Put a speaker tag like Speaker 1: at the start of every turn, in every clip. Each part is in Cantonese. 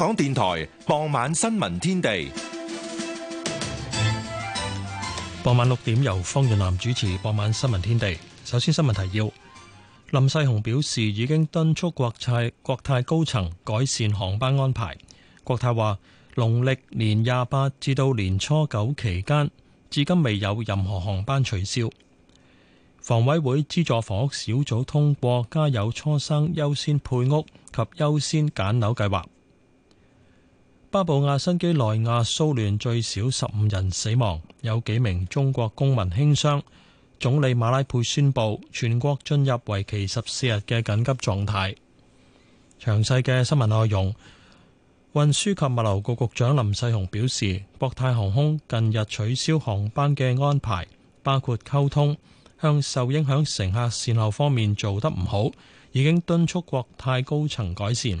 Speaker 1: 香港電台傍晚
Speaker 2: 新聞天地，傍晚六點由方潤南主持。傍晚新聞天地，首先新聞提要。林世雄表示，已經敦促國泰國泰高層改善航班安排。國泰話，農曆年廿八至到年初九期間，至今未有任何航班取消。房委會資助房屋小組通過，家有初生優先配屋及優先揀樓計劃。巴布亞新畿內亞騷亂最少十五人死亡，有幾名中國公民輕傷。總理馬拉佩宣布全國進入為期十四日嘅緊急狀態。詳細嘅新聞內容，運輸及物流局局長林世雄表示，國泰航空近日取消航班嘅安排，包括溝通，向受影響乘客善後方面做得唔好，已經敦促國泰高層改善。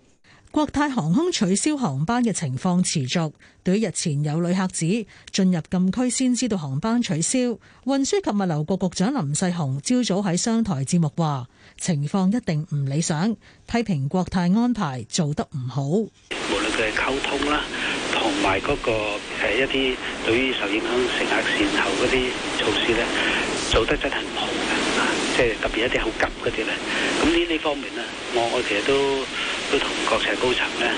Speaker 3: 國泰航空取消航班嘅情況持續，對於日前有旅客指進入禁區先知道航班取消，運輸及物流局局長林世雄朝早喺商台節目話：情況一定唔理想，批評國泰安排做得唔好。
Speaker 2: 無論佢係溝通啦，
Speaker 1: 同埋嗰個誒一啲對於受影響乘客善後嗰啲措施咧，做得真係唔好嘅，即係特別一啲好急嗰啲咧。咁呢呢方
Speaker 2: 面呢，我我其實都。都同國際高層咧，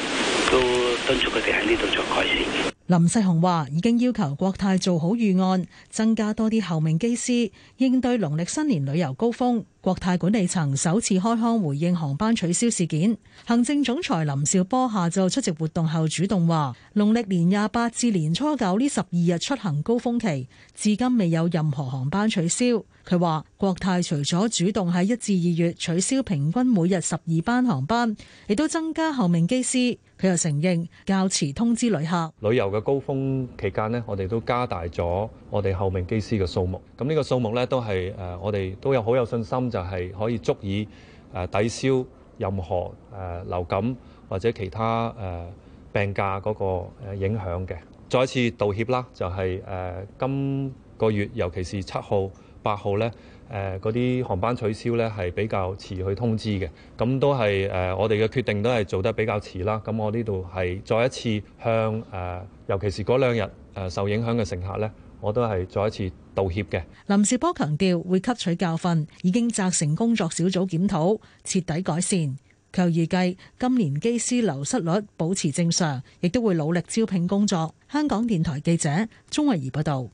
Speaker 2: 都敦促佢哋喺呢度做改
Speaker 3: 善。林世雄話：已經要求國泰做好預案，增加多啲候命機師，應對農曆新年旅遊高峰。國泰管理層首次開腔回應航班取消事件。行政總裁林紹波下晝出席活動後主動話：農曆年廿八至年初九呢十二日出行高峰期，至今未有任何航班取消。佢話國泰除咗主動喺一至二月取消平均每日十二班航班，亦都增加候命機師。佢又承認較遲通知旅客。
Speaker 2: 旅遊嘅高峰期間呢，我哋都加大咗我哋候命機師嘅數目。咁呢個數目呢，都係誒，我哋都有好有信心。就係可以足以誒抵消任何誒流感或者其他誒病假嗰個影響嘅。再一次道歉啦，就係，就係誒今個月尤其是七號、八號呢誒嗰啲航班取消呢，係比較遲去通知嘅。咁都係誒，呃，我哋嘅決定都係做得比較遲啦。咁我呢度係再一次向誒，呃，尤其是嗰兩日誒受影響嘅乘客呢。我都係再一次道歉嘅。
Speaker 3: 林紹波強調會吸取教訓，已經責成工作小組檢討，徹底改善。佢預計今年機師流失率保持正常，亦都會努力招聘工作。香港電台記者鍾慧儀報道。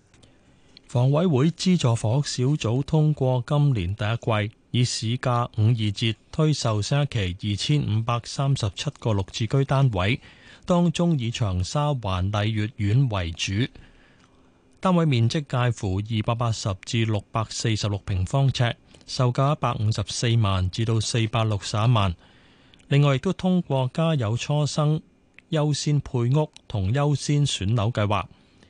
Speaker 2: 房委會資助房屋小組通過今年第一季以市價五二折推售三期二千五百三十七個六字居單位，當中以長沙灣麗月苑為主。單位面積介乎二百八十至六百四十六平方尺，售價一百五十四萬至到四百六十一萬。另外亦都通過家有初生優先配屋同優先選樓計劃。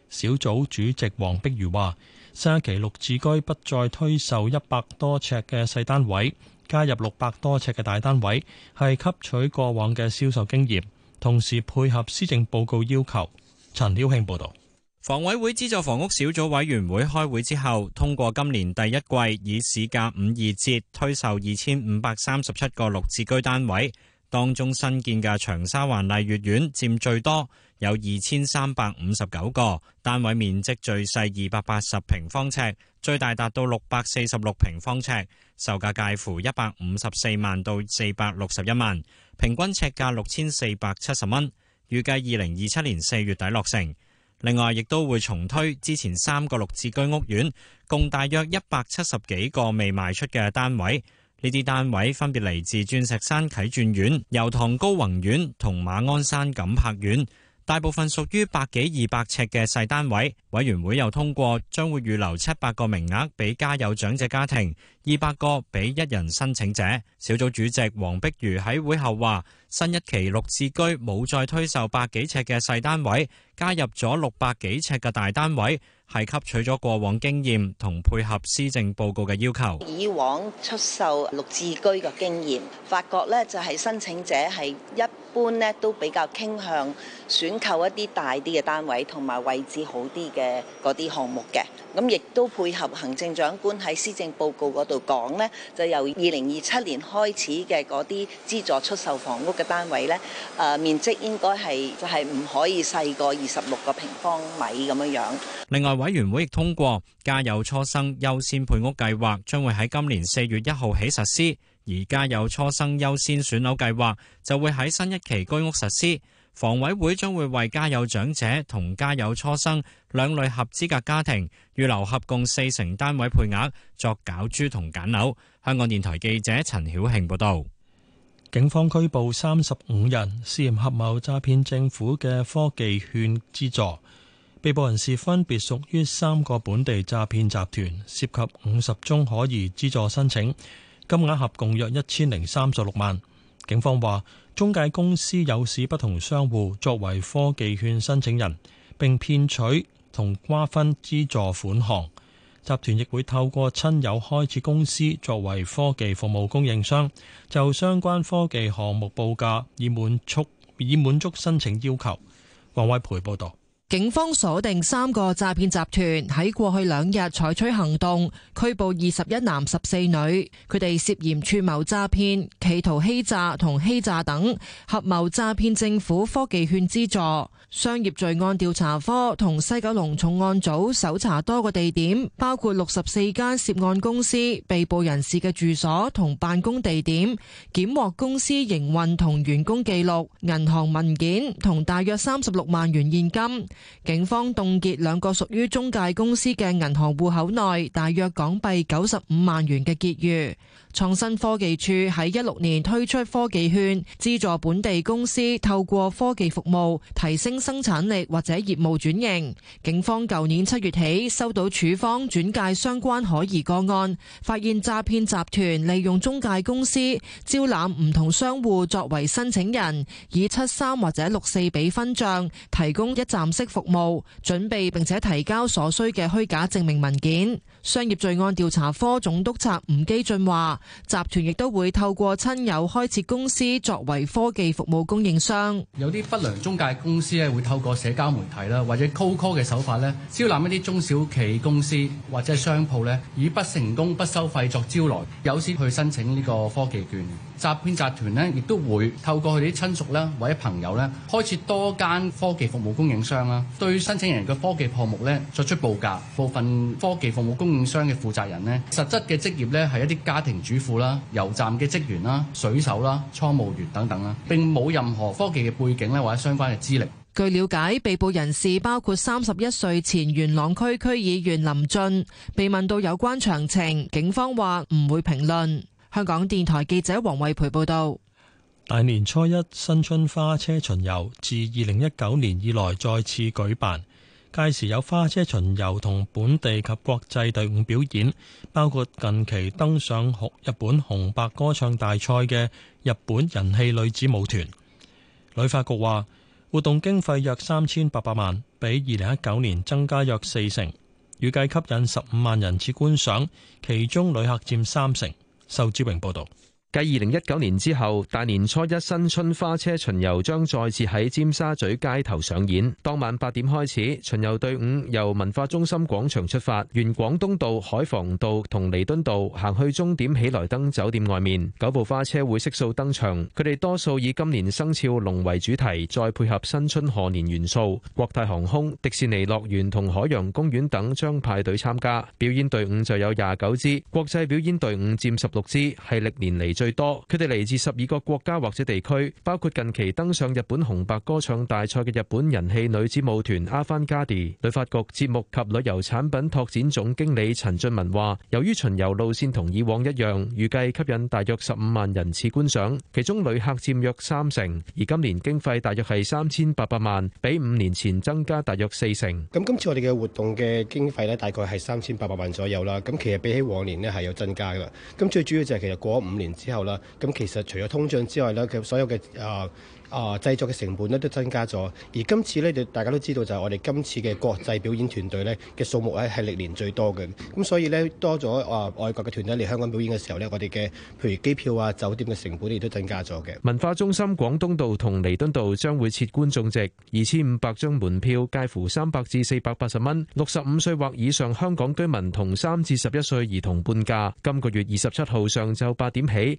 Speaker 2: 小組主席黃碧如話，新一期綠置居不再推售一百多尺嘅細單位，加入六百多尺嘅大單位，係吸取過往嘅銷售經驗，同時配合施政報告要求。陳曉慶
Speaker 4: 報導。房委會資助房屋小組委員會開會之後，通過今年第一季以市價五二折推售二千五百三十七個綠置居單位，當中新建嘅長沙灣麗月苑佔最多有，有二千三百五十九個單位，面積最細二百八十平方尺，最大達到六百四十六平方尺，售價介乎一百五十四萬到四百六十一萬，平均尺價六千四百七十蚊，預計二零二七年四月底落成。另外，亦都會重推之前三個六字居屋苑，共大約一百七十幾個未賣出嘅單位。呢啲單位分別嚟自鑽石山啟鑽苑、油塘高宏苑同馬鞍山錦柏苑。大部分屬於百幾二百尺嘅細單位，委員會又通過將會預留七百個名額俾家有長者家庭，二百個俾一人申請者。小組主席黃碧如喺會後話：新一期綠置居冇再推售百幾尺嘅細單位，加入咗六百幾尺嘅大單位。係吸取咗過往經驗同配合施政報告嘅要求，
Speaker 5: 以往出售綠置居嘅經驗，發覺咧就係、是、申請者係一般咧都比較傾向選購一啲大啲嘅單位同埋位置好啲嘅嗰啲項目嘅。咁亦都配合行政長官喺施政報告嗰度講咧，就由二零二七年開始嘅嗰啲資助出售房屋嘅單位咧，誒、呃、面積應該係就係、是、唔可以細過二十六個平方米咁樣樣。
Speaker 4: 另外。委員會亦通過，家有初生優先配屋計劃將會喺今年四月一號起實施，而家有初生優先選樓計劃就會喺新一期居屋實施。房委會將會為家有長者同家有初生兩類合資格家庭預留合共四成單位配額，作攪珠同揀樓。香港電台記者陳曉慶報道。
Speaker 2: 警方拘捕三十五人，涉嫌合謀詐騙政府嘅科技券資助。被捕人士分別屬於三個本地詐騙集團，涉及五十宗可疑資助申請，金額合共約一千零三十六萬。警方話，中介公司誘使不同商戶作為科技券申請人，並騙取同瓜分資助款項。集團亦會透過親友開設公司作為科技服務供應商，就相關科技項目報價，以滿足以滿足申請要求。王偉培報道。
Speaker 6: 警方鎖定三個詐騙集團，喺過去兩日採取行動，拘捕二十一男十四女，佢哋涉嫌串謀詐騙、企圖欺詐同欺詐等，合謀詐騙政府科技券資助。商業罪案調查科同西九龍重案組搜查多個地點，包括六十四間涉案公司、被捕人士嘅住所同辦公地點，檢獲公司營運同員工記錄、銀行文件同大約三十六萬元現金。警方凍結兩個屬於中介公司嘅銀行戶口內大約港幣九十五萬元嘅結餘。創新科技署喺一六年推出科技券，資助本地公司透過科技服務提升生產力或者業務轉型。警方舊年七月起收到署方轉介相關可疑個案，發現詐騙集團利用中介公司招攬唔同商戶作為申請人，以七三或者六四比分賬，提供一站式服務，準備並且提交所需嘅虛假證明文件。商業罪案調查科總督察吳基俊話：集團亦都會透過親友開設公司作為科技服務供應商。
Speaker 4: 有啲不良中介公司咧，會透過社交媒體啦，或者 call call 嘅手法咧，招攬一啲中小企公司或者商鋪咧，以不成功不收費作招來，有先去申請呢個科技券。詐騙集團呢亦都會透過佢哋啲親屬啦，或者朋友啦，開設多間科技服務供應商啦，對申請人嘅科技項目呢作出報價。部分科技服務供應商嘅負責人呢，實質嘅職業呢，係一啲家庭主婦啦、油站嘅職員啦、水手啦、倉務員等等啦，並冇任何科技嘅背景呢，或者相關嘅資歷。
Speaker 6: 據了解，被捕人士包括三十一歲前元朗區區議員林俊。被問到有關詳情，警方話唔會評論。香港電台記者黃慧培報道：
Speaker 2: 大年初一新春花車巡遊自二零一九年以來再次舉辦，屆時有花車巡遊同本地及國際隊伍表演，包括近期登上紅日本紅白歌唱大賽嘅日本人氣女子舞團。旅發局話，活動經費約三千八百萬，比二零一九年增加約四成，預計吸引十五萬人次觀賞，其中旅客佔三成。仇志榮報道。
Speaker 1: 繼二零一九年之後，大年初一新春花車巡遊將再次喺尖沙咀街頭上演。當晚八點開始，巡遊隊伍由文化中心廣場出發，沿廣東道、海防道同彌敦道行去終點喜來登酒店外面。九部花車會悉數登場，佢哋多數以今年生肖龍為主題，再配合新春賀年元素。國泰航空、迪士尼樂園同海洋公園等將派隊參加。表演隊伍就有廿九支，國際表演隊伍佔十六支，係歷年嚟最多，佢哋嚟自十二個國家或者地區，包括近期登上日本紅白歌唱大賽嘅日本人氣女子舞團阿番加迪。旅發局節目及旅遊產品拓展總經理陳俊文話：由於巡遊路線同以往一樣，預計吸引大約十五萬人次觀賞，其中旅客佔約三成。而今年經費大約係三千八百萬，比五年前增加大約四成。咁今次我哋嘅活動嘅經費咧，大概係三千八百萬左右啦。咁其實比起往年咧，係有增加噶。咁最主要就係其實過咗五年之之後啦，咁其實除咗通脹之外呢，佢所有嘅啊啊製作嘅成本呢都增加咗。而今次呢，就大
Speaker 2: 家都知道就係我哋今次嘅國際表演團隊呢嘅數目咧係歷年最多嘅。咁所以呢，多咗啊外國嘅團隊嚟香港表演嘅時候呢，我哋嘅譬如機票啊、酒店嘅成本亦都增
Speaker 1: 加咗嘅。文化中心廣東道同彌敦道將會設觀眾席，二千五百張門票介乎三百至四百八十蚊。六十五歲或以上香港居民同三至十一歲兒童半價。今個月二十七號上晝八點起。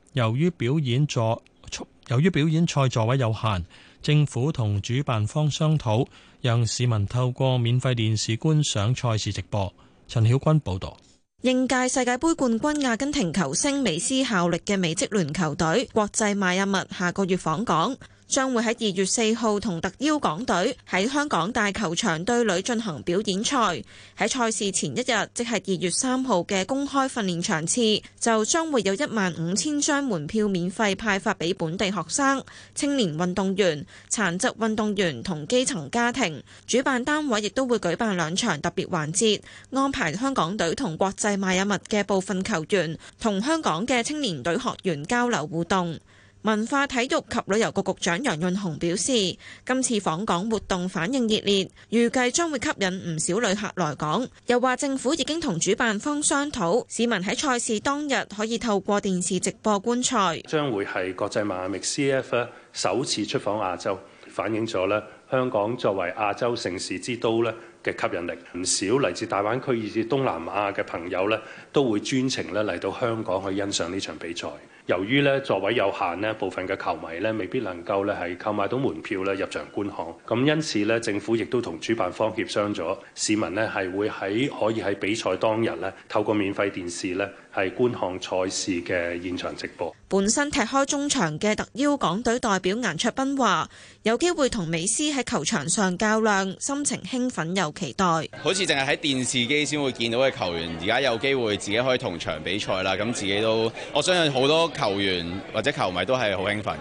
Speaker 2: 由於表演座，由於表演賽座位有限，政府同主辦方商討，讓市民透過免費電視觀賞賽事直播。陳曉君報導。
Speaker 7: 應屆世界盃冠軍阿根廷球星美斯效力嘅美職聯球隊國際邁阿密下個月訪港。將會喺二月四號同特邀港隊喺香港大球場對壘進行表演賽。喺賽事前一日，即係二月三號嘅公開訓練場次，就將會有一萬五千張門票免費派發俾本地學生、青年運動員、殘疾運動員同基層家庭。主辦單位亦都會舉辦兩場特別環節，安排香港隊同國際邁阿密嘅部分球員同香港嘅青年隊學員交流互動。文化體育及旅遊局局長楊潤雄表示，今次訪港活動反應熱烈，預計將會吸引唔少旅客來港。又話政府已經同主辦方商討，市民喺賽事當日可以透過電視直播觀賽。
Speaker 2: 將會係國際馬迷 CF 首次出訪亞洲，反映咗呢香港作為亞洲城市之都呢嘅吸引力。唔少嚟自大灣區以至東南亞嘅朋友呢。都會專程咧嚟到香港去欣賞呢場比賽。由於咧座位有限咧，部分嘅球迷咧未必能夠咧係購買到門票咧入場觀看。咁因此咧，政府亦都同主辦方協商咗，市民咧係會喺可以喺比賽當日咧透過免費電視咧係觀看賽事嘅現場直播。
Speaker 7: 本身踢開中場嘅特邀港隊代表顏卓斌話：有機會同美斯喺球場上較量，心情興奮又期待。
Speaker 1: 好似淨係喺電視機先會見到嘅球員，而家有機會。自己可以同場比賽啦，咁自己都我相信好多球員或者球迷都係好興奮嘅。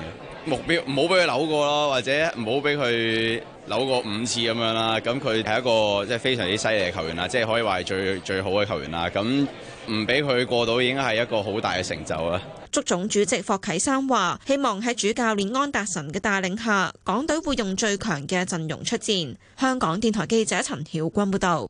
Speaker 1: 目標唔好俾佢扭過咯，或者唔好俾佢扭過五次咁樣啦。咁佢係一個即係非常之犀利嘅球員啦，即係可以話係最最好嘅球員啦。咁唔俾佢過到已經係一個好大嘅成就啦。
Speaker 7: 足總主席霍啟山話，希望喺主教練安達臣嘅帶領下，港隊會用最強嘅陣容出戰。香港電台記者陳曉君報導。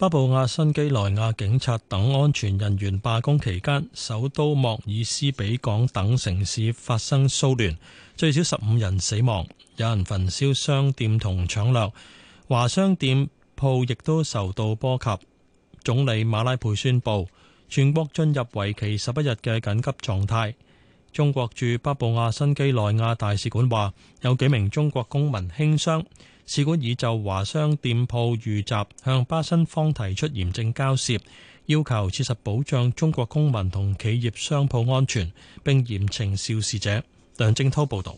Speaker 2: 巴布亞新畿內亞警察等安全人員罷工期間，首都莫爾斯比港等城市發生騷亂，最少十五人死亡，有人焚燒商店同搶掠，華商店鋪亦都受到波及。總理馬拉佩宣布全國進入為期十一日嘅緊急狀態。中國駐巴布亞新畿內亞大使館話，有幾名中國公民輕傷。使館已就華商店鋪遇襲向巴新方提出嚴正交涉，要求切實保障中國公民同企業商鋪安全，並嚴懲肇事者。梁正濤報道：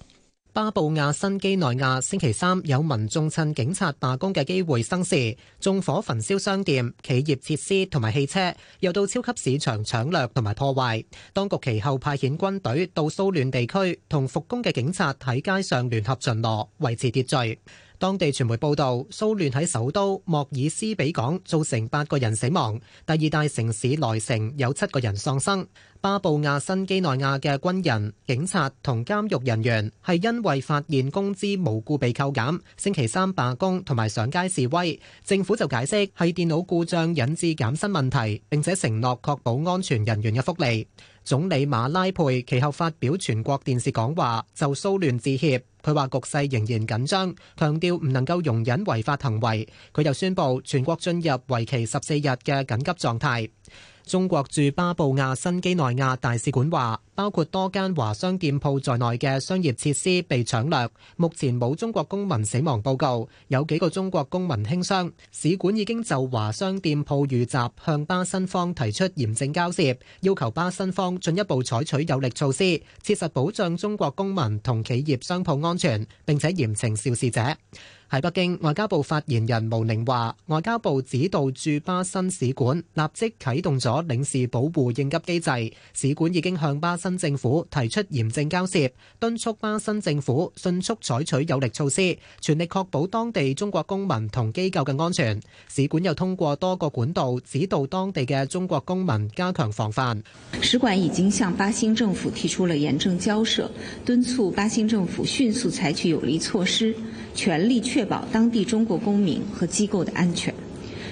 Speaker 8: 巴布亞新幾內亞星期三有民眾趁警察罷工嘅機會生事，縱火焚燒商店、企業設施同埋汽車，又到超級市場搶掠同埋破壞。當局其後派遣軍隊到騷亂地區，同復工嘅警察喺街上聯合巡邏，維持秩序。當地傳媒報導，騷亂喺首都莫爾斯比港造成八個人死亡，第二大城市萊城有七個人喪生。巴布亞新幾內亞嘅軍人、警察同監獄人員係因為發現工資無故被扣減，星期三罷工同埋上街示威。政府就解釋係電腦故障引致減薪問題，並且承諾確保安全人員嘅福利。總理馬拉佩其後發表全國電視講話，就騷亂致歉。佢話局勢仍然緊張，強調唔能夠容忍違法行為。佢又宣布全國進入為期十四日嘅緊急狀態。中國駐巴布亞新畿內亞大使館話，包括多間華商店鋪在內嘅商業設施被搶掠，目前冇中國公民死亡報告，有幾個中國公民輕傷。使館已經就華商店鋪遇襲向巴新方提出嚴正交涉，要求巴新方進一步採取有力措施，切實保障中國公民同企業商鋪安全，並且嚴懲肇事者。喺北京，外交部發言人毛寧話：外交部指導駐巴新使館立即啟動咗領事保護應急機制，使館已經向巴新政府提出嚴正交涉，敦促巴新政府迅速採取有力措施，全力確保當地中國公民同機構嘅安全。使館又通過多個管道指導當地嘅中國公民加強防範。
Speaker 9: 使館已經向巴新政府提出了嚴正交涉，敦促巴新政府迅速採取有力措施，全力確保當地中國公民和機構的安全。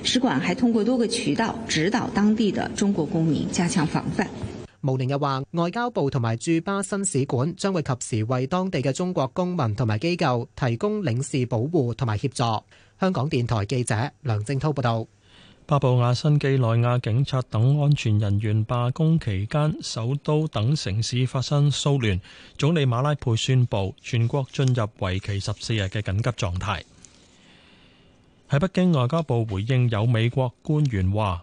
Speaker 9: 使館還通過多個渠道指導當地的中國公民加強防範。
Speaker 8: 毛寧又話，外交部同埋駐巴新使館將會及時為當地嘅中國公民同埋機構提供領事保護同埋協助。香
Speaker 2: 港電台記者梁正濤報道，巴布亞新幾內亞警察等安全人員罷工期間，首都等城市發生騷亂，總理馬拉佩宣布全國進入為期十四日嘅緊急狀態。喺北京，外交部回應有美國官員話。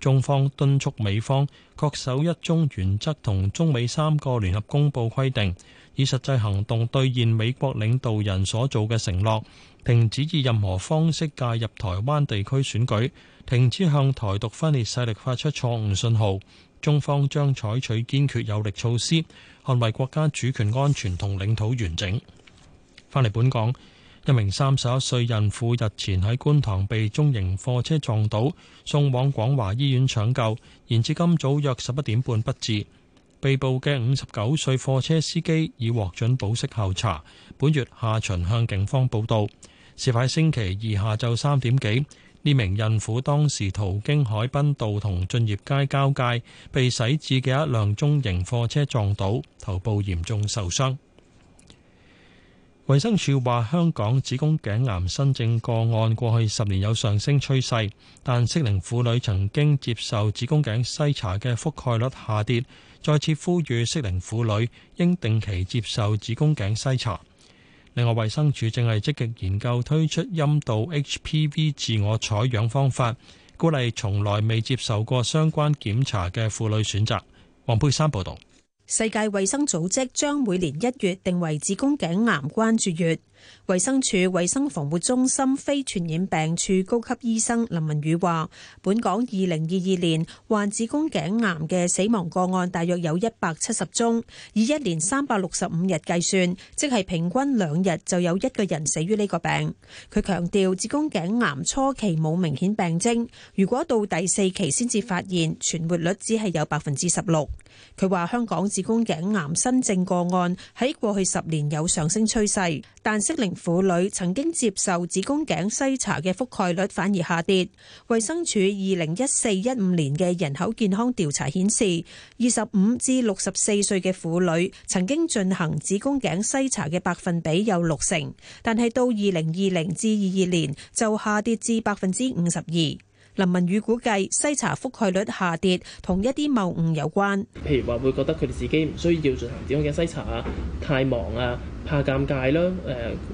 Speaker 2: 中方敦促美方恪守一中原則同中美三個聯合公報規定，以實際行動兌現美國領導人所做嘅承諾，停止以任何方式介入台灣地區選舉，停止向台獨分裂勢力發出錯誤信號，中方將採取堅決有力措施，捍衛國家主權安全同領土完整。翻嚟本港。一名三十一歲孕婦日前喺觀塘被中型貨車撞倒，送往廣華醫院搶救，延至今早約十一點半不治。被捕嘅五十九歲貨車司機已獲准保釋候查，本月下旬向警方報到。事發星期二下晝三點幾，呢名孕婦當時途經海濱道同駿業街交界，被駛至嘅一輛中型貨車撞倒，頭部嚴重受傷。衛生署話，香港子宮頸癌新症個案過去十年有上升趨勢，但適齡婦女曾經接受子宮頸篩查嘅覆蓋率下跌，再次呼籲適齡婦女應定期接受子宮頸篩查。另外，衛生署正係積極研究推出陰道 HPV 自我採樣方法，鼓勵從來未接受過相關檢查嘅婦女選擇。黃佩珊報道。
Speaker 10: 世界衛生組織將每年一月定為子宮頸癌關注月。衛生署衛生防護中心非傳染病處高級醫生林文宇話，本港二零二二年患子宮頸癌嘅死亡個案大約有一百七十宗，以一年三百六十五日計算，即係平均兩日就有一個人死於呢個病。佢強調，子宮頸癌初期冇明顯病徵，如果到第四期先至發現，存活率只係有百分之十六。佢話，香港子宮頸癌新症個案喺過去十年有上升趨勢，但適齡婦女曾經接受子宮頸篩查嘅覆蓋率反而下跌。衛生署二零一四、一五年嘅人口健康調查顯示，二十五至六十四歲嘅婦女曾經進行子宮頸篩查嘅百分比有六成，但係到二零二零至二二年就下跌至百分之五十二。林文宇估計，篩查覆蓋率下跌同一啲謬誤有關，
Speaker 11: 譬如話會覺得佢哋自己唔需要進行子宮頸篩查啊，太忙啊。怕尷尬啦、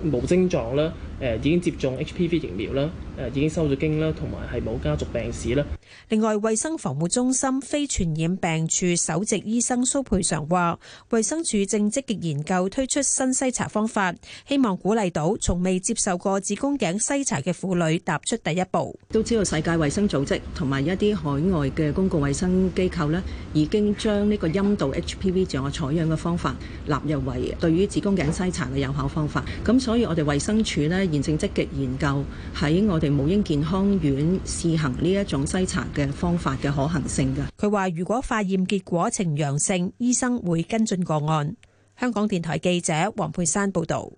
Speaker 11: 誒無症狀啦、誒已經接種 HPV 疫苗啦、誒已經收咗經啦，同埋係冇家族病史啦。另外，衛生防護中心非
Speaker 10: 傳染病處首席醫生蘇培常話，衛生署正積極研究推出新篩查方法，希望鼓勵到從未接受過子宮頸篩查嘅婦女
Speaker 3: 踏出第一步。都知道世界衛生組織同埋一啲海外嘅公共衛生機構咧，已經將呢個陰道 HPV 自我採樣嘅方法納入為對於子宮頸。篩查嘅有效方法，咁所以我哋衛生署咧，現正積極研究喺我哋母嬰健康院試行呢一種篩查嘅方法嘅可行性噶。佢話
Speaker 10: 如果化驗結果呈陽性，醫生會跟進個案。香港電台記者黃佩珊報道。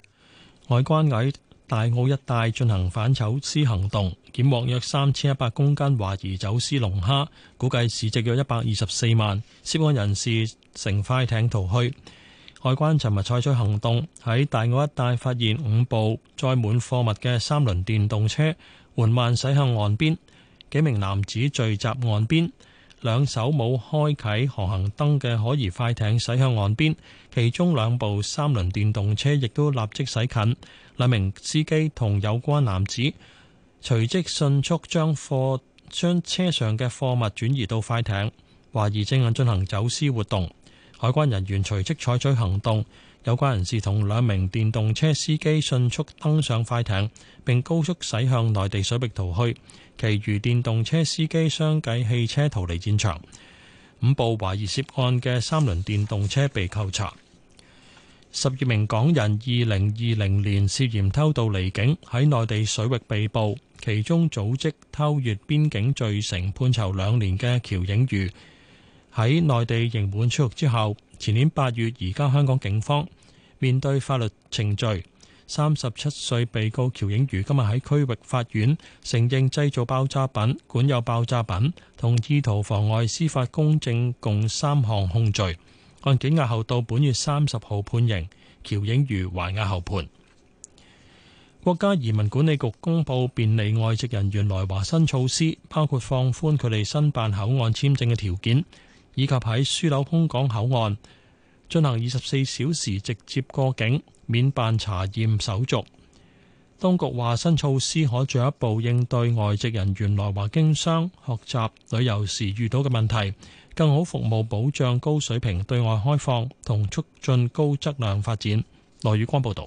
Speaker 2: 海關喺大澳一帶進行反走私行動，檢獲約三千一百公斤懷疑走私龍蝦，估計市值約一百二十四萬。涉案人士乘快艇逃去。海關尋日採取行動，喺大澳一帶發現五部載滿貨物嘅三輪電動車，緩慢駛向岸邊。幾名男子聚集岸邊，兩艘冇開啓航行燈嘅可疑快艇駛向岸邊，其中兩部三輪電動車亦都立即駛近。兩名司機同有關男子隨即迅速將貨將車上嘅貨物轉移到快艇，懷疑正喺進行走私活動。海關人員隨即採取行動，有關人士同兩名電動車司機迅速登上快艇，並高速駛向內地水域逃去。其餘電動車司機相繼棄車逃離現場。五部懷疑涉案嘅三輪電動車被扣查。十二名港人二零二零年涉嫌偷渡離境喺內地水域被捕，其中組織偷越邊境罪成，判囚兩年嘅喬映瑜。喺內地刑滿出獄之後，前年八月移交香港警方面對法律程序。三十七歲被告喬影如今日喺區域法院承認製造爆炸品、管有爆炸品同意圖妨礙司法公正共三項控罪，案件押後到本月三十號判刑。喬影如還押後判。國家移民管理局公布便利外籍人員來華新措施，包括放寬佢哋申辦口岸簽證嘅條件。以及喺樞紐空港口岸進行二十四小時直接過境，免辦查驗手續。當局話新措施可進一步應對外籍人員來華經商、學習、旅遊時遇到嘅問題，更好服務保障高水平對外開放同促進高質量發展。羅宇光報道。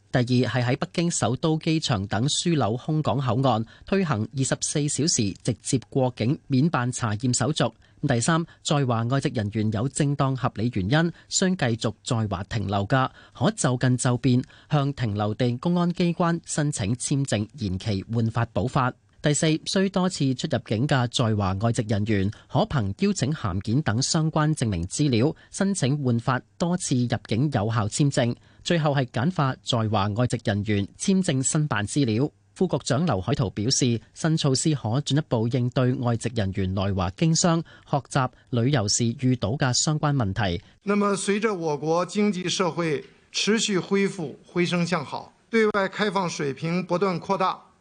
Speaker 12: 第二，係喺北京首都機場等樞紐空港口岸推行二十四小時直接過境免辦查驗手續。咁第三，在華外籍人員有正當合理原因需繼續在華停留嘅，可就近就便向停留地公安機關申請簽證延期換法、換發、補發。第四，需多次出入境嘅在華外籍人員，可憑邀請函件等相關證明資料，申請換發多次入境有效簽證。最後係簡化在華外籍人員簽證申辦資料。副局長劉海濤表示，新措施可進一步應對外籍人員來華經商、學習、旅遊時遇到嘅相關問題。
Speaker 11: 那麼，隨着我國經濟社會持續恢復回升向好，對外開放水平不斷擴大。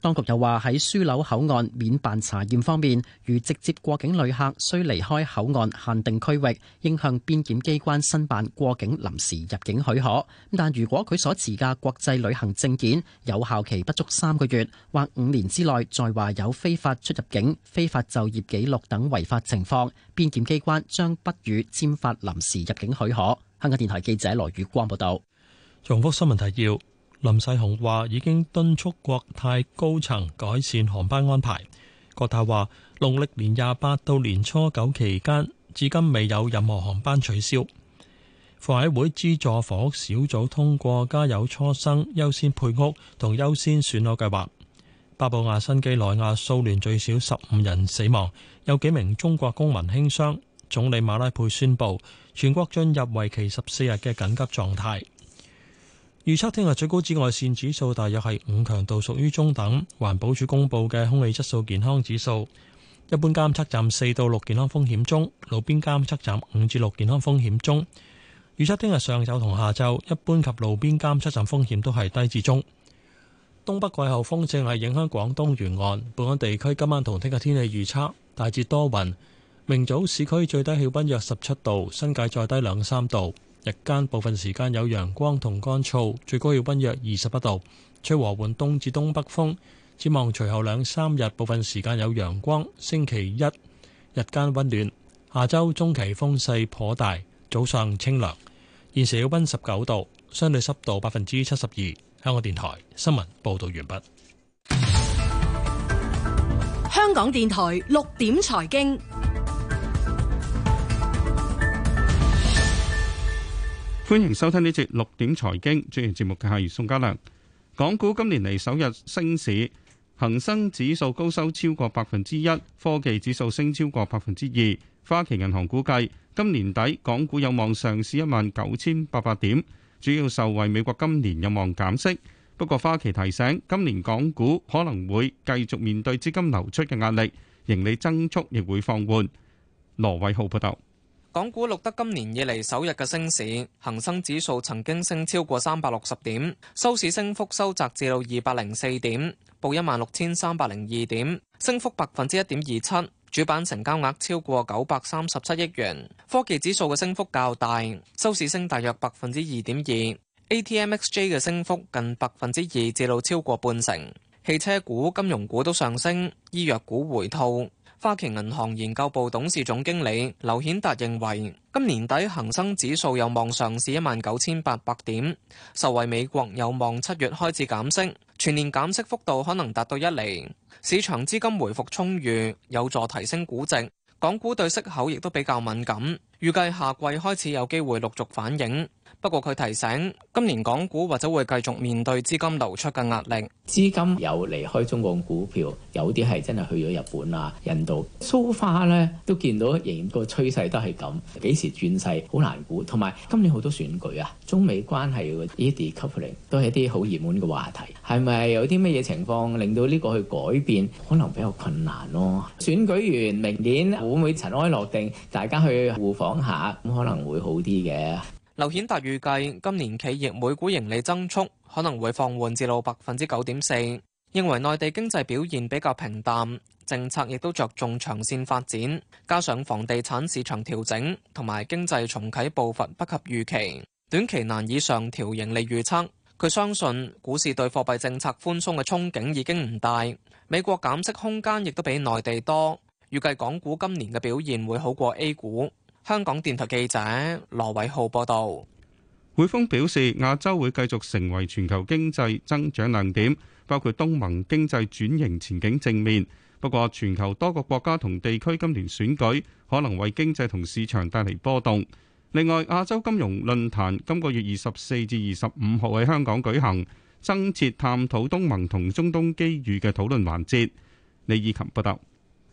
Speaker 12: 當局又話喺樞紐口岸免辦查驗方面，如直接過境旅客需離開口岸限定區域，應向邊檢機關申辦過境臨時入境許可。但如果佢所持嘅國際旅行證件有效期不足三個月，或五年之內再話有非法出入境、非法就業記錄等違法情況，邊檢機關將不予簽
Speaker 2: 發臨時入境許可。香港電台記者羅宇光報道。重複新聞提要。林世雄話：已經敦促國泰高層改善航班安排。國泰話：農曆年廿八到年初九期間，至今未有任何航班取消。房委會資助房屋小組通過家有、初生優先配屋同優先選樓計劃。巴布亞新畿內亞騷亂最少十五人死亡，有幾名中國公民輕傷。總理馬拉佩宣布全國進入為期十四日嘅緊急狀態。預測聽日最高紫外線指數大約係五強度，屬於中等。環保署公布嘅空氣質素健康指數，一般監測站四到六，健康風險中，路邊監測站五至六，健康風險中。預測聽日上晝同下晝，一般及路邊監測站風險都係低至中。東北季候風正係影響廣東沿岸，本港地區，今晚同聽日天氣預測大致多雲。明早市區最低氣溫約十七度，新界再低兩三度。日間部分時間有陽光同乾燥，最高氣温約二十八度，吹和緩東至東北風。展望隨後兩三日部分時間有陽光，星期一日間温暖。下周中期風勢頗大，早上清涼，現時氣温十九度，相對濕度百分之七十二。香港電台新聞報道完畢。
Speaker 5: 香港電台六點財經。
Speaker 13: 歡迎收聽呢節六點財經，主持節目嘅係宋家良。港股今年嚟首日升市，恒生指數高收超過百分之一，科技指數升超過百分之二。花旗銀行估計，今年底港股有望上市一萬九千八百點，主要受惠美國今年有望減息。不過花旗提醒，今年港股可能會繼續面對資金流出嘅壓力，盈利增速亦會放緩。羅偉浩報道。
Speaker 11: 港股錄得今年以嚟首日嘅升市，恒生指數曾經升超過三百六十點，收市升幅收窄至到二百零四點，報一萬六千三百零二點，升幅百分之一點二七。主板成交額超過九百三十七億元。科技指數嘅升幅較大，收市升大約百分之二點二。ATMXJ 嘅升幅近百分之二至到超過半成。汽車股、金融股都上升，醫藥股回吐。花旗銀行研究部董事總經理劉顯達認為，今年底恒生指數有望上至一萬九千八百點，受惠美國有望七月開始減息，全年減息幅度可能達到一厘，市場資金回復充裕，有助提升估值。港股對息口亦都比較敏感，預計下季開始有機會陸續反映。不過佢提醒，今年港股或者會繼續面對資金流出嘅壓力。資金有離開中國股票，有啲係真係去咗日本啊、印度。So far 呢都見到，仍然個趨勢都係咁。幾時轉勢好難估。同埋今年好多選舉啊，中美關係，Eddie Caplin 都係一啲好熱門嘅話題。係咪有啲乜嘢情況令到呢個去改變，可能比較困難咯，啊？選舉完明年會唔會塵埃落定？大家去互訪下咁可能會好啲嘅。劉顯達預計今年企業每股盈利增速可能會放緩至到百分之九點四，認為內地經濟表現比較平淡，政策亦都着重長線發展，加上房地產市場調整同埋經濟重啟步伐不及預期，短期難以上調盈利預測。佢相信股市對貨幣政策寬鬆嘅憧憬已經唔大，美國減息空間亦都比內地多，預計港股今年嘅表現會好過 A 股。香港電台記者羅偉浩報道，
Speaker 13: 匯豐表示亞洲會繼續成為全球經濟增長亮點，包括東盟經濟轉型前景正面，不過全球多個國家同地區今年選舉可能為經濟同市場帶嚟波動。另外，亞洲金融論壇今個月二十四至二十五號喺香港舉行，增設探討東盟同中東機遇嘅討論環節。李以琴報道。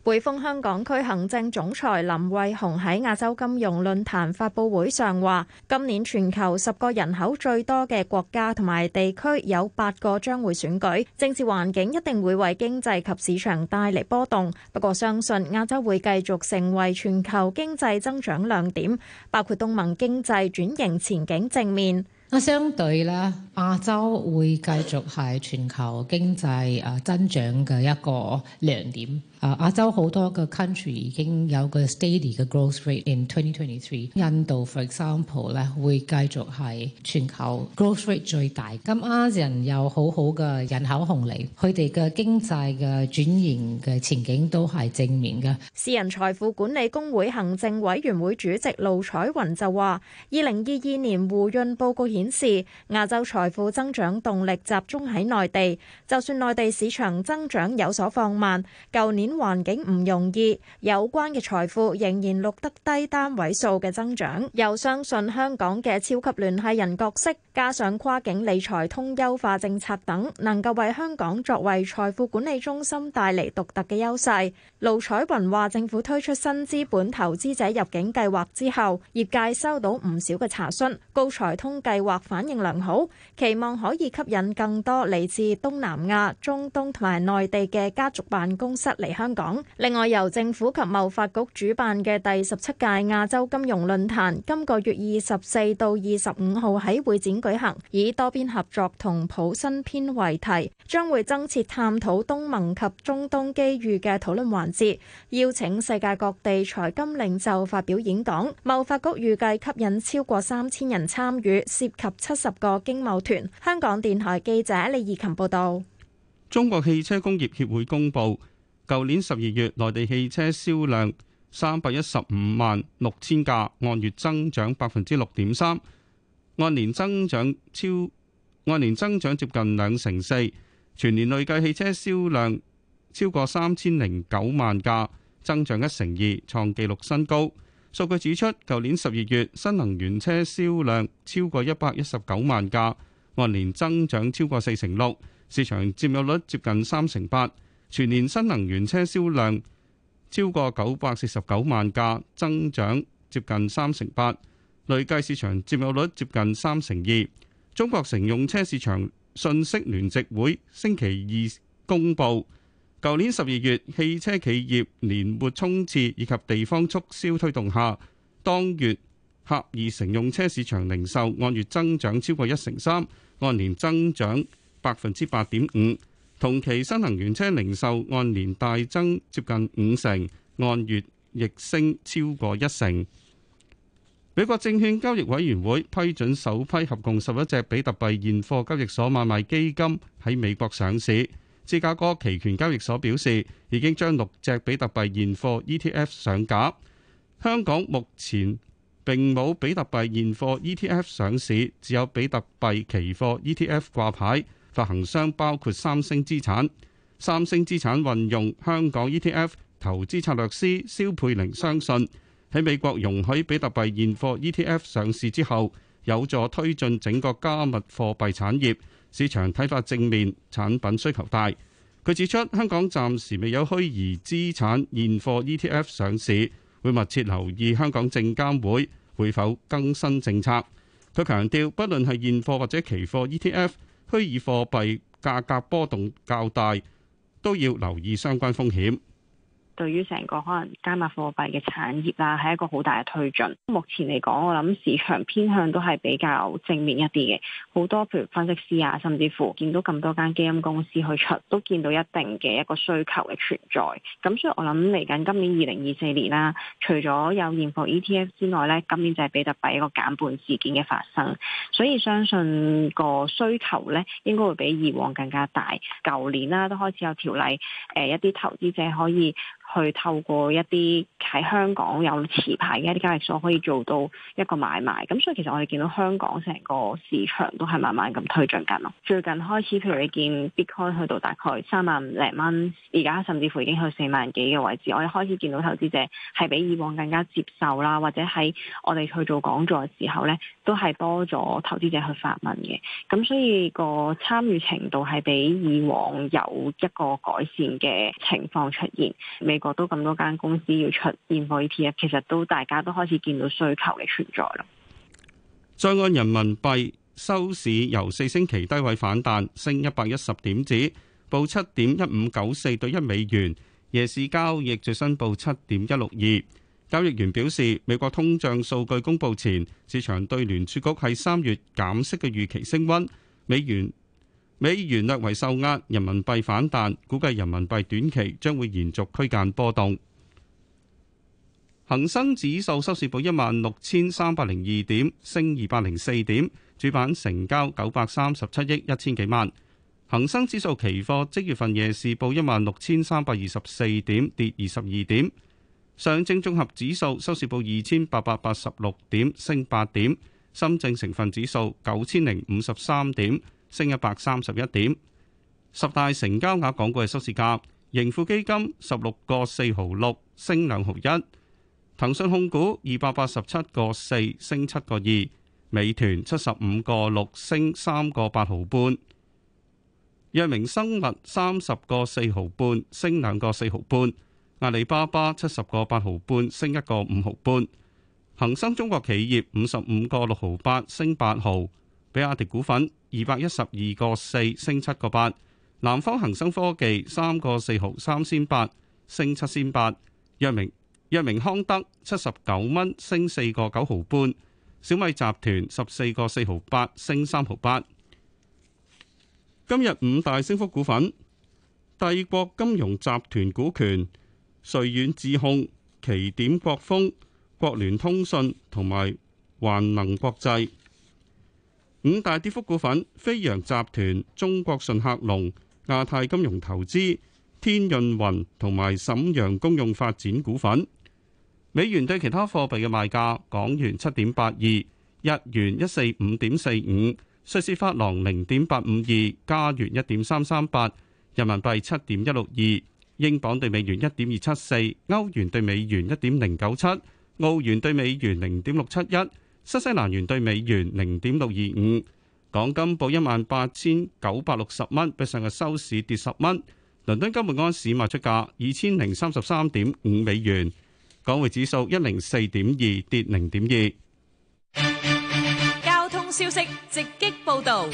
Speaker 14: 匯豐香港區行政總裁林慧雄喺亞洲金融論壇發布會上話：今年全球十個人口最多嘅國家同埋地區有八個將會選舉，政治環境一定會為經濟及市場帶嚟波動。不過相信亞洲會繼續成為全球經濟增長亮點，包括東盟經濟轉型前景正面。啊，相對啦，亞洲會
Speaker 10: 繼續係全球經濟增長嘅一個亮點。啊！亞洲好多個 country 已經有個 steady 嘅 growth rate in 2023。印度 for example 咧，會繼續係全球 growth rate 最大。咁亞人有好好嘅人口紅利，佢哋嘅經濟嘅轉型嘅前景都係正面嘅。
Speaker 14: 私人財富管理公會行政委員會主席盧彩雲就話，二零二二年胡潤報告顯示，亞洲財富增長動力集中喺內地。就算內地市場增長有所放慢，舊年，環境唔容易，有關嘅財富仍然錄得低單位數嘅增長。又相信香港嘅超級聯繫人角色，加上跨境理財通優化政策等，能夠為香港作為財富管理中心帶嚟獨特嘅優勢。盧彩雲話：政府推出新資本投資者入境計劃之後，業界收到唔少嘅查詢，高才通計劃反應良好，期望可以吸引更多嚟自東南亞、中東同埋內地嘅家族辦公室嚟。香港另外由政府及貿發局主辦嘅第十七屆亞洲金融論壇，今個月二十四到二十五號喺會展舉行，以多邊合作同普新篇為題，將會增設探討東盟及中東機遇嘅討論環節，邀請世界各地財金領袖發表演講。貿發局預計吸引超過三千人參與，涉及七十個經貿團。香港電台記者李怡琴報道。
Speaker 13: 中國汽車工業協會公布，舊年十二月，內地汽車銷量三百一十五萬六千架，按月增長百分之六點三，按年增長超按年增長接近兩成四。全年累計汽車銷量超過三千零九萬架，增長一成二，創紀錄新高。數據指出，舊年十二月，新能源車銷量超過一百一十九萬架，按年增長超過四成六，市場佔有率接近三成八。全年新能源車銷量超過九百四十九萬架，增長接近三成八，累計市場占有率接近三成二。中國乘用車市場信息聯席會星期二公布，舊年十二月汽車企業年末沖刺以及地方促銷推動下，當月狹義乘用車市場零售按月增長超過一成三，按年增長百分之八點五。同期新能源車零售按年大增接近五成，按月逆升超過一成。美國證券交易委員會批准首批合共十一隻比特幣現貨交易所買賣基金喺美國上市。芝加哥期權交易所表示，已經將六隻比特幣現貨 ETF 上架。香港目前並冇比特幣現貨 ETF 上市，只有比特幣期貨 ETF 掛牌。發行商包括三星資產。三星資產運用香港 ETF 投資策略師蕭佩玲相信，喺美國容許比特幣現貨 ETF 上市之後，有助推進整個加密貨幣產業。市場睇法正面，產品需求大。佢指出，香港暫時未有虛擬資產現貨 ETF 上市，會密切留意香港證監會會否更新政策。佢強調，不論係現貨或者期貨 ETF。虛擬貨幣價格波動較大，都要留意相關風險。
Speaker 9: 對於成個可能加密貨幣嘅產業啦，係一個好大嘅推進。目前嚟講，我諗市場偏向都係比較正面一啲嘅。好多譬如分析師啊，甚至乎見到咁多間基金公司去出，都見到一定嘅一個需求嘅存在。咁所以我諗嚟緊今年二零二四年啦，除咗有現貨 ETF 之外呢，今年就係比特幣一個減半事件嘅發生。所以相信個需求呢應該會比以往更加大。舊年啦、啊、都開始有條例，誒、呃、一啲投資者可以。去透過一啲喺香港有持牌嘅一啲交易所，可以做到一個買賣。咁所以其實我哋見到香港成個市場都係慢慢咁推進緊。最近開始，譬如你見 Bitcoin 去到大概三萬零蚊，而家甚至乎已經去四萬幾嘅位置。我哋開始見到投資者係比以往更加接受啦，或者喺我哋去做講座嘅時候呢，都係多咗投資者去發問嘅。咁所以個參與程度係比以往有一個改善嘅情況出現。美我都咁多間公司要出現貨 ETF 其實都大家都開始見到需求嘅存在
Speaker 13: 啦。在岸人民幣收市由四星期低位反彈，升一百一十點止，報七點一五九四對一美元。夜市交易最新報七點一六二。交易員表示，美國通脹數據公佈前，市場對聯儲局係三月減息嘅預期升溫，美元。美元略為受壓，人民幣反彈，估計人民幣短期將會延續區間波動。恒生指數收市報一萬六千三百零二點，升二百零四點，主板成交九百三十七億一千幾萬。恒生指數期貨即月份夜市報一萬六千三百二十四點，跌二十二點。上證綜合指數收市報二千八百八十六點，升八點。深證成分指數九千零五十三點。升一百三十一點，十大成交額港股嘅收市價，盈富基金十六個四毫六升兩毫一，騰訊控股二百八十七個四升七個二，美團七十五個六升三個八毫半，藥明生物三十個四毫半升兩個四毫半，阿里巴巴七十個八毫半升一個五毫半，恒生中國企業五十五個六毫八升八毫。比亞迪股份二百一十二個四升七個八，4, 8，南方恒生科技三個四毫三仙八升七仙八，藥明藥明康德七十九蚊升四個九毫半，4, 5，小米集團十四個四毫八升三毫八。8, 8。今日五大升幅股份：帝國金融集團股權、瑞遠智控、奇點國風、國聯通訊同埋環能國際。五大跌幅股份：飛揚集團、中國順客隆、亞太金融投資、天潤雲同埋沈陽公用發展股份。美元對其他貨幣嘅賣價：港元七點八二，日元一四五點四五，瑞士法郎零點八五二，加元一點三三八，人民幣七點一六二，英鎊對美元一點二七四，歐元對美元一點零九七，澳元對美元零點六七一。新西蘭元兌美元零點六二五，港金報一萬八千九百六十蚊，比上日收市跌十蚊。倫敦金每安士賣出價二千零三十三點五美元，港匯指數一零四點二，跌零點二。
Speaker 6: 交通消息直擊報道。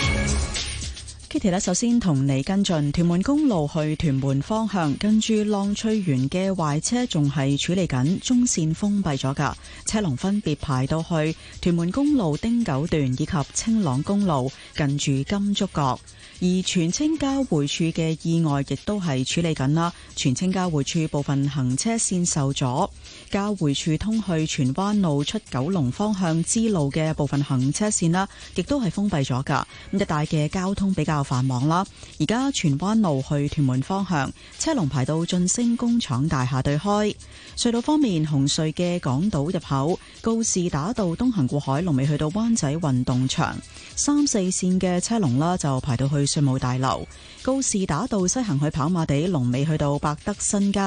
Speaker 5: Kitty，首先同你跟進屯門公路去屯門方向，跟住浪翠園嘅壞車仲係處理緊，中線封閉咗㗎，車龍分別排到去屯門公路汀九段以及青朗公路近住金竹角。而荃青交匯處嘅意外亦都係處理緊啦，荃青交匯處部分行車線受阻，交匯處通去荃灣路出九龍方向支路嘅部分行車線啦，亦都係封閉咗噶。咁一帶嘅交通比較繁忙啦。而家荃灣路去屯門方向車龍排到晉升工廠大廈對開隧道方面，紅隧嘅港島入口、告士打道東行過海龍尾去到灣仔運動場三四線嘅車龍啦，就排到去。稅務大樓、高士打道西行去跑馬地，龍尾去到百德新街；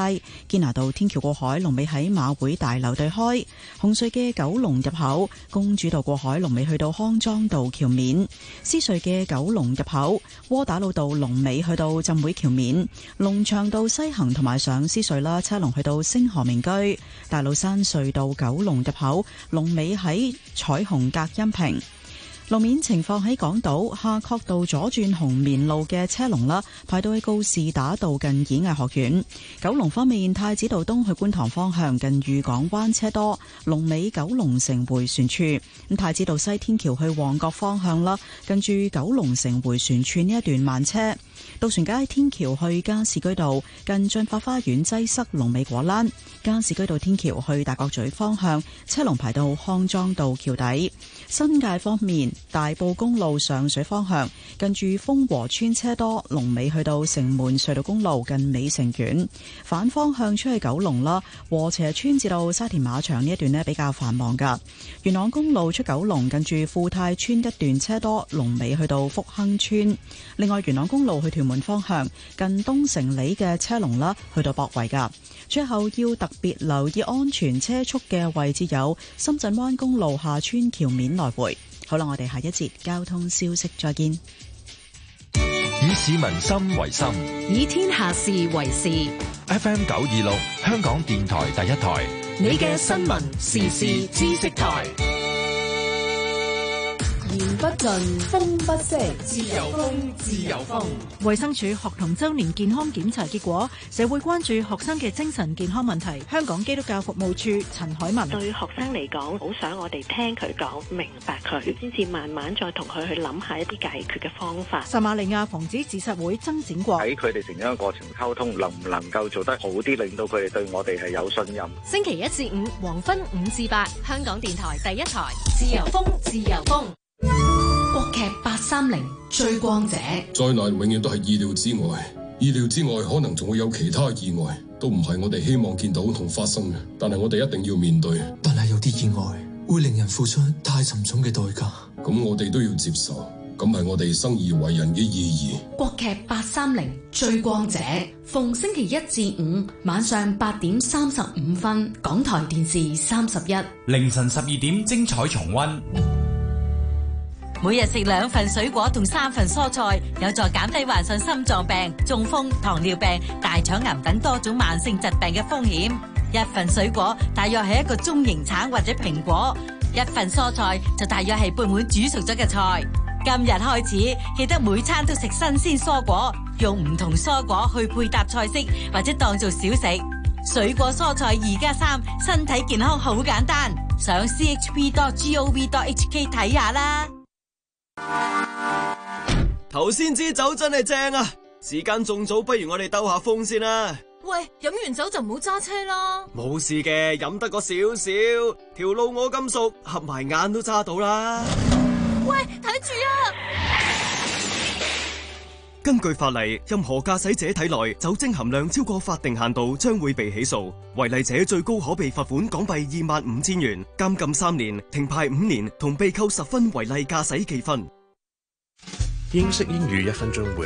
Speaker 5: 堅拿道天橋過海，龍尾喺馬會大樓對開；紅隧嘅九龍入口、公主道過海，龍尾去到康莊道橋面；獅隧嘅九龍入口、窩打老道龍尾去到浸會橋面；龍翔道西行同埋上獅隧啦，車龍去到星河名居；大老山隧道九龍入口，龍尾喺彩虹隔音屏。路面情況喺港島夏慤道左轉紅棉路嘅車龍啦，排到去高士打道近演藝學院。九龍方面，太子道東去觀塘方向近裕港灣車多，龍尾九龍城回旋處。咁太子道西天橋去旺角方向啦，近住九龍城回旋處呢一段慢車。渡船街天橋去加士居道，近駿發花園擠塞龍尾果欄；加士居道天橋去大角咀方向，車龍排到康莊道橋底。新界方面，大埔公路上水方向近住豐和村車多，龍尾去到城門隧道公路近美城苑。反方向出去九龍啦，禾輋邨至到沙田馬場呢一段呢比較繁忙噶。元朗公路出九龍近住富泰村一段車多，龍尾去到福亨村。另外，元朗公路去屯。門方向近東城里嘅車龍啦，去到博圍噶。最後要特別留意安全車速嘅位置有深圳灣公路下村橋面來回。好啦，我哋下一節交通消息再見。
Speaker 2: 以市民心為心，
Speaker 5: 以天下事為事。
Speaker 2: FM 九二六，
Speaker 1: 香港電台第一台，
Speaker 10: 你嘅新聞時事知識台。
Speaker 5: 言不盡，風不息，自
Speaker 10: 由風，自
Speaker 11: 由
Speaker 5: 風。衛生署學童週年健康檢查結果，社會關注學生嘅精神健康問題。香港基督教服務處陳海文，對
Speaker 3: 學生嚟講，好想我哋聽佢講，明白佢，先至慢慢再同佢去諗下一啲解決嘅方法。撒瑪利亞防
Speaker 4: 止自殺會增展過，喺佢哋成長嘅過程溝通，能唔能夠做得好啲，令到佢哋對我哋係有信任？
Speaker 3: 星期一至五黃昏五至八，香港電台第一台，自由風，自由風。國劇八三零追光者，
Speaker 4: 災
Speaker 2: 難永遠都係意料之外，意料之外可能仲會有其他意外，都唔係我哋希望見到同發生嘅，但係我哋一定要面對。但係有啲意外會令人付出太沉重嘅代價，咁我哋都要接受，咁係我哋生而為人嘅意義。
Speaker 5: 國劇八三零追光者，逢星期一至五晚上八點三十五分，港台電視三十一，
Speaker 4: 凌晨十二點精彩重溫。
Speaker 5: 每日食兩份水果同三份蔬菜，有助減低患上心臟病、中風、糖尿病、大腸癌等多種慢性疾病嘅風險。一份水果大約係一個中型橙或者蘋果，一份蔬菜就大約係半碗煮熟咗嘅菜。今日開始記得每餐都食新鮮蔬果，用唔同蔬果去配搭菜式或者當做小食。水果蔬菜二加三，3, 身體健康好簡單。上 chp.gov.hk 睇下啦。
Speaker 11: 頭先支酒真係正啊！時間仲早，不如我哋兜下風先啦。
Speaker 10: 喂，飲完酒就唔好揸
Speaker 6: 車啦。
Speaker 11: 冇事嘅，飲得個少少，條路我咁熟，合埋眼都
Speaker 6: 揸到啦。喂，睇住啊！
Speaker 11: 根據法例，任何駕駛者體內酒精含量超過法定限度，將會被起訴。違例者最高可被罰款港幣二萬五千元，監禁三年，停牌五年，同被扣十分違例駕駛記分。英式英
Speaker 1: 語一分鐘會。